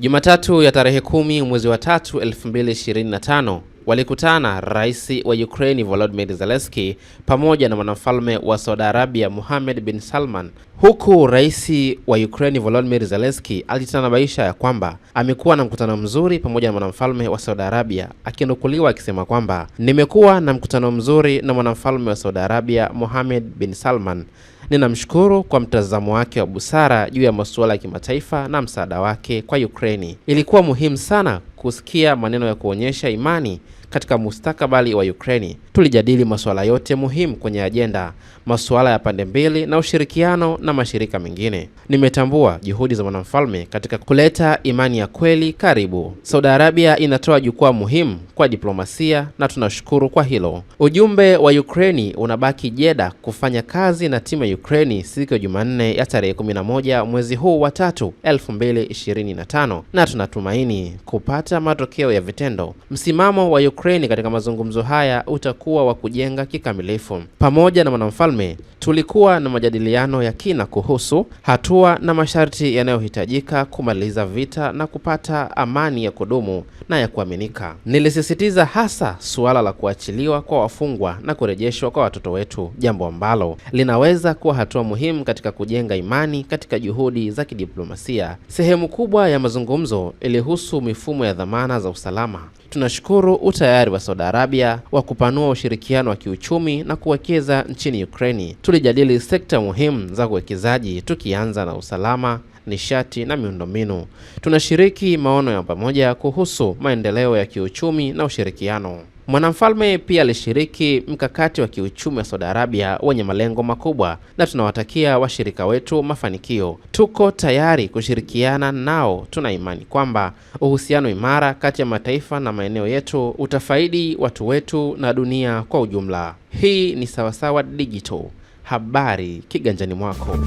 Jumatatu ya tarehe kumi mwezi wa tatu 2025 walikutana rais wa Ukraine Volodymyr Zelensky pamoja na mwanamfalme wa Saudi Arabia Mohammed bin Salman, huku rais wa Ukraine Volodymyr Zelensky alitanabaisha ya kwamba amekuwa na mkutano mzuri pamoja na mwanamfalme wa Saudi Arabia, akinukuliwa akisema kwamba nimekuwa na mkutano mzuri na mwanamfalme wa Saudi Arabia Mohammed bin Salman Ninamshukuru kwa mtazamo wake wa busara juu ya masuala ya kimataifa na msaada wake kwa Ukraini. Ilikuwa muhimu sana kusikia maneno ya kuonyesha imani katika mustakabali wa Ukraini. Tulijadili masuala yote muhimu kwenye ajenda, masuala ya pande mbili na ushirikiano na mashirika mengine. Nimetambua juhudi za mwanamfalme katika kuleta imani ya kweli karibu. Saudi Arabia inatoa jukwaa muhimu kwa diplomasia na tunashukuru kwa hilo. Ujumbe wa Ukraini unabaki jeda kufanya kazi na timu ya Ukraini siku ya Jumanne ya tarehe 11 mwezi huu wa tatu 2025 na tunatumaini kupata matokeo ya vitendo. Msimamo wa Ukraini Ukraine katika mazungumzo haya utakuwa wa kujenga kikamilifu. Pamoja na mwanamfalme, tulikuwa na majadiliano ya kina kuhusu hatua na masharti yanayohitajika kumaliza vita na kupata amani ya kudumu na ya kuaminika. Nilisisitiza hasa suala la kuachiliwa kwa wafungwa na kurejeshwa kwa watoto wetu, jambo ambalo linaweza kuwa hatua muhimu katika kujenga imani katika juhudi za kidiplomasia. Sehemu kubwa ya mazungumzo ilihusu mifumo ya dhamana za usalama tunashukuru utayari wa Saudi Arabia wa kupanua ushirikiano wa kiuchumi na kuwekeza nchini Ukraini. Tulijadili sekta muhimu za uwekezaji tukianza na usalama, nishati na miundombinu. Tunashiriki maono ya pamoja kuhusu maendeleo ya kiuchumi na ushirikiano. Mwanamfalme pia alishiriki mkakati wa kiuchumi wa Saudi Arabia wenye malengo makubwa, na tunawatakia washirika wetu mafanikio. Tuko tayari kushirikiana nao, tuna imani kwamba uhusiano imara kati ya mataifa na maeneo yetu utafaidi watu wetu na dunia kwa ujumla. Hii ni Sawasawa Digital, habari kiganjani mwako.